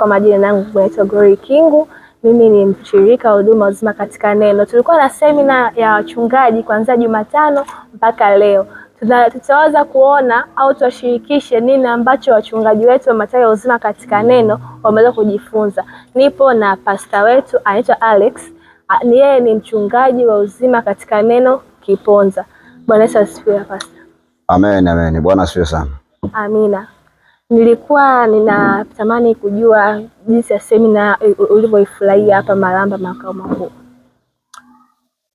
kwa majina yangu naitwa Glory Kingu. Mimi ni mshirika wa huduma uzima katika neno. Tulikuwa na semina ya wachungaji kuanzia Jumatano mpaka leo. Tutaweza kuona au tuwashirikishe nini ambacho wachungaji wetu wa matawi ya uzima katika neno wameweza kujifunza. Nipo na pasta wetu anaitwa Alex, yeye ni mchungaji wa uzima katika neno Kiponza. Bwana Yesu asifiwe pasta. Amen, amen. Bwana asifiwe sana. Amina. Nilikuwa ninatamani kujua jinsi ya semina eh, ulivyoifurahia hapa Malamba makao makuu.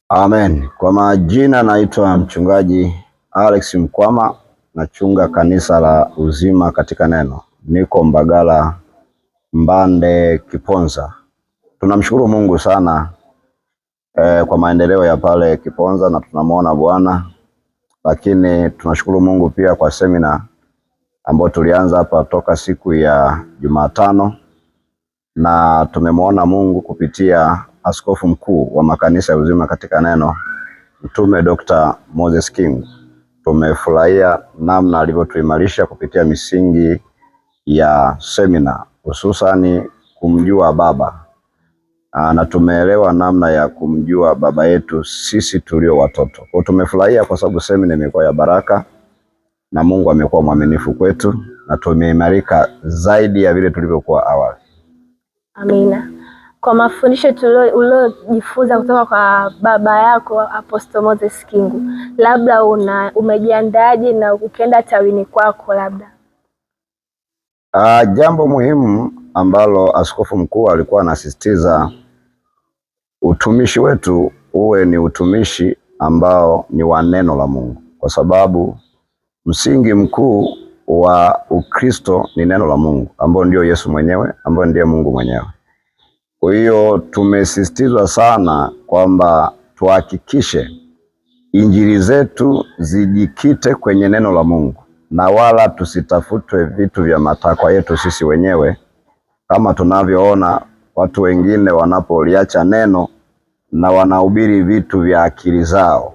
Amen. Kwa majina naitwa mchungaji Alex Mkwama, nachunga kanisa la Uzima katika Neno, niko Mbagala Mbande Kiponza. Tunamshukuru Mungu sana eh, kwa maendeleo ya pale Kiponza na tunamwona Bwana, lakini tunashukuru Mungu pia kwa semina ambao tulianza hapa toka siku ya Jumatano na tumemwona Mungu kupitia askofu mkuu wa makanisa ya uzima katika neno Mtume Dr. Moses King. Tumefurahia namna alivyotuimarisha kupitia misingi ya semina, hususani kumjua Baba ah, na tumeelewa namna ya kumjua Baba yetu sisi tulio watoto. Kwa tumefurahia kwa sababu semina imekuwa ya baraka na Mungu amekuwa mwaminifu kwetu na tumeimarika zaidi ya vile tulivyokuwa awali. Amina. Kwa mafundisho uliojifunza kutoka kwa baba yako Apostle Moses Kingu, labda una umejiandaaje na ukienda tawini kwako labda? Uh, jambo muhimu ambalo askofu mkuu alikuwa anasisitiza, utumishi wetu uwe ni utumishi ambao ni wa neno la Mungu, kwa sababu Msingi mkuu wa Ukristo ni neno la Mungu ambao ndio Yesu mwenyewe ambao ndiye Mungu mwenyewe. Kwa hiyo tumesisitizwa sana kwamba tuhakikishe injili zetu zijikite kwenye neno la Mungu na wala tusitafutwe vitu vya matakwa yetu sisi wenyewe, kama tunavyoona watu wengine wanapoliacha neno na wanahubiri vitu vya akili zao.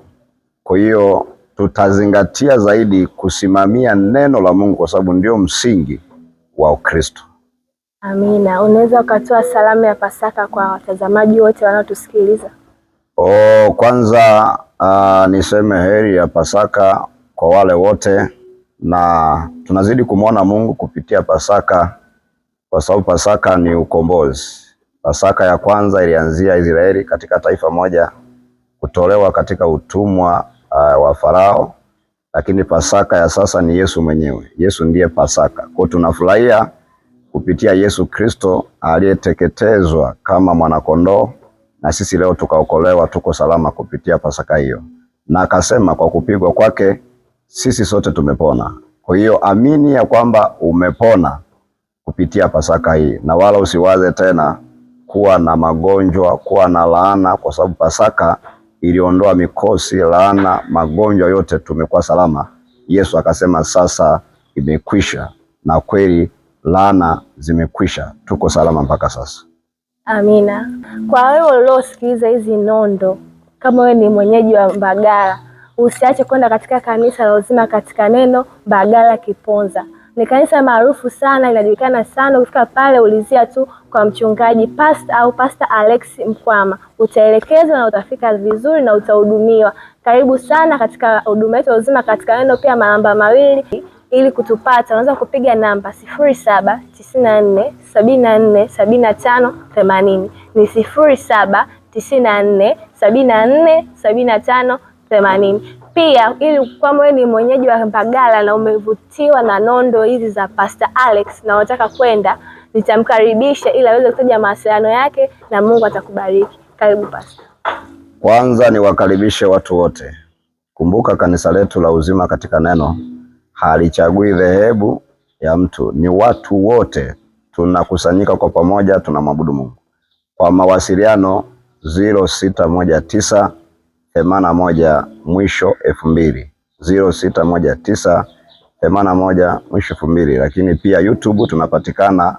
Kwa hiyo tutazingatia zaidi kusimamia neno la Mungu kwa sababu ndio msingi wa Ukristo. Amina. Unaweza ukatoa salamu ya Pasaka kwa watazamaji wote wanaotusikiliza? Oh, kwanza uh, niseme heri ya Pasaka kwa wale wote, na tunazidi kumwona Mungu kupitia Pasaka kwa sababu Pasaka ni ukombozi. Pasaka ya kwanza ilianzia Israeli katika taifa moja kutolewa katika utumwa wa Farao, lakini Pasaka ya sasa ni Yesu mwenyewe. Yesu ndiye Pasaka. Kwa tunafurahia kupitia Yesu Kristo aliyeteketezwa kama mwanakondoo, na sisi leo tukaokolewa, tuko salama kupitia Pasaka hiyo, na akasema kwa kupigwa kwake sisi sote tumepona. Kwa hiyo amini ya kwamba umepona kupitia Pasaka hii, na wala usiwaze tena kuwa na magonjwa, kuwa na laana, kwa sababu Pasaka iliondoa mikosi, laana, magonjwa yote, tumekuwa salama. Yesu akasema sasa imekwisha, na kweli laana zimekwisha, tuko salama mpaka sasa. Amina. Kwa wewe uliosikiliza hizi nondo, kama wewe ni mwenyeji wa Mbagala, usiache kwenda katika kanisa la Uzima katika neno Mbagala Kiponza. Ni kanisa maarufu sana, inajulikana sana. Ukifika pale, ulizia tu kwa mchungaji pasta au Pasta Alex Mkwama, utaelekezwa na utafika vizuri na utahudumiwa. Karibu sana katika huduma yetu uzima katika neno. Pia manamba mawili ili kutupata, unaweza kupiga namba sifuri saba tisini na nne sabini na nne sabini na tano themanini ni sifuri saba tisini na nne sabini na nne sabini na tano themanini. Pia ili kwamba wewe ni mwenyeji wa Mbagala na umevutiwa na nondo hizi za Pastor Alex na unataka kwenda, nitamkaribisha ili aweze kutaja mawasiliano yake na Mungu atakubariki. Karibu Pastor. Kwanza niwakaribishe watu wote. Kumbuka kanisa letu la Uzima katika Neno halichagui dhehebu ya mtu, ni watu wote tunakusanyika kwa pamoja, tunamwabudu Mungu. Kwa mawasiliano 0619 themanini na moja mwisho elfu mbili ziro sita moja tisa themanini na moja mwisho elfu mbili Lakini pia YouTube tunapatikana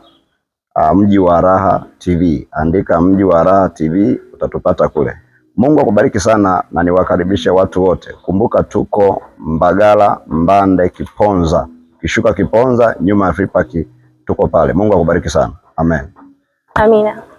uh, mji wa Raha TV, andika mji wa Raha TV utatupata kule. Mungu akubariki sana na niwakaribishe watu wote. Kumbuka tuko Mbagala Mbande Kiponza, kishuka Kiponza nyuma ya park, tuko pale. Mungu akubariki sana, amen. Amina.